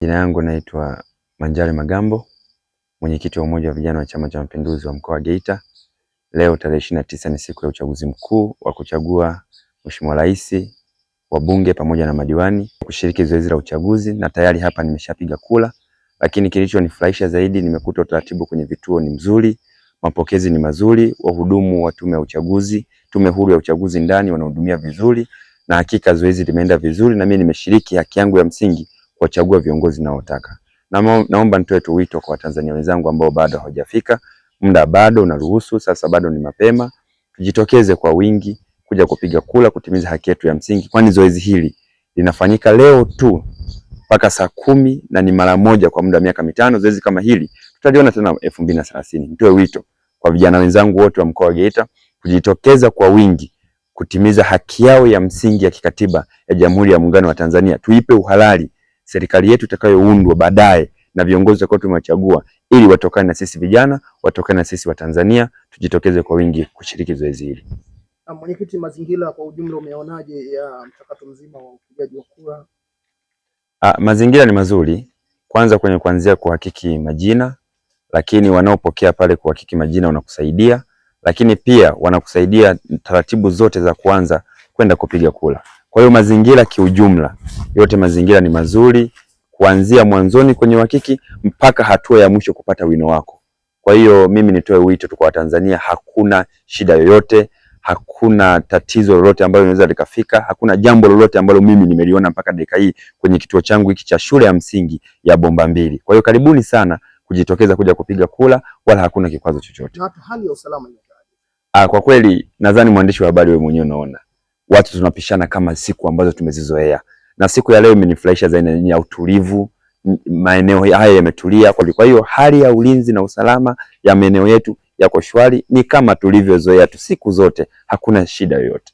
Jina yangu naitwa Manjari Magambo, mwenyekiti wa umoja wa vijana wa Chama cha Mapinduzi wa mkoa wa Geita. Leo tarehe ishirini na tisa ni siku ya uchaguzi mkuu wa kuchagua mheshimiwa rais, wabunge pamoja na madiwani, kushiriki zoezi la uchaguzi, na tayari hapa nimeshapiga kula. Lakini kilichonifurahisha zaidi, nimekuta utaratibu kwenye vituo ni mzuri, mapokezi ni mazuri, wahudumu wa tume ya uchaguzi, tume huru ya uchaguzi ndani wanahudumia vizuri, na hakika zoezi limeenda vizuri, na mimi nimeshiriki haki yangu ya msingi kuwachagua viongozi naotaka. Na naomba nitoe tu wito kwa Watanzania wenzangu ambao bado hawajafika, muda bado unaruhusu, sasa bado ni mapema, tujitokeze kwa wingi kuja kupiga kula kutimiza haki yetu ya msingi, kwani zoezi hili linafanyika leo tu mpaka saa kumi na ni mara moja kwa muda wa miaka mitano. Zoezi kama hili tutaliona tena elfu mbili na thelathini. Nitoe wito kwa vijana wenzangu wote wa mkoa wa Geita kujitokeza kwa wingi kutimiza haki yao ya msingi ya kikatiba ya Jamhuri ya Muungano wa Tanzania, tuipe uhalali serikali yetu itakayoundwa baadaye na viongozi ambao tumewachagua, ili watokane na sisi vijana, watokane na sisi Watanzania, tujitokeze kwa wingi kushiriki zoezi hili. Mwenyekiti, mazingira kwa ujumla umeonaje ya mchakato mzima wa upigaji wa kura? Ah, mazingira ni mazuri, kwanza kwenye kuanzia kuhakiki majina, lakini wanaopokea pale kuhakiki majina wanakusaidia, lakini pia wanakusaidia taratibu zote za kuanza kwenda kupiga kura. Kwa hiyo mazingira kiujumla, yote mazingira ni mazuri kuanzia mwanzoni kwenye uhakiki mpaka hatua ya mwisho kupata wino wako. Kwa hiyo mimi nitoe wito tu kwa Watanzania, hakuna shida yoyote, hakuna tatizo lolote ambalo linaweza likafika, hakuna jambo lolote ambalo mimi nimeliona mpaka dakika hii kwenye kituo changu hiki cha shule ya msingi ya Bomba Mbili. Kwa hiyo karibuni sana kujitokeza kuja kupiga kura, wala hakuna kikwazo chochote. Hali ya usalama, ah, kwa kweli nadhani mwandishi wa habari wewe mwenyewe unaona watu tunapishana kama siku ambazo tumezizoea, na siku ya leo imenifurahisha zaidi ya utulivu. Maeneo haya yametulia, kwa hiyo hali ya ulinzi na usalama ya maeneo yetu yako shwari, ni kama tulivyozoea tu siku zote, hakuna shida yoyote.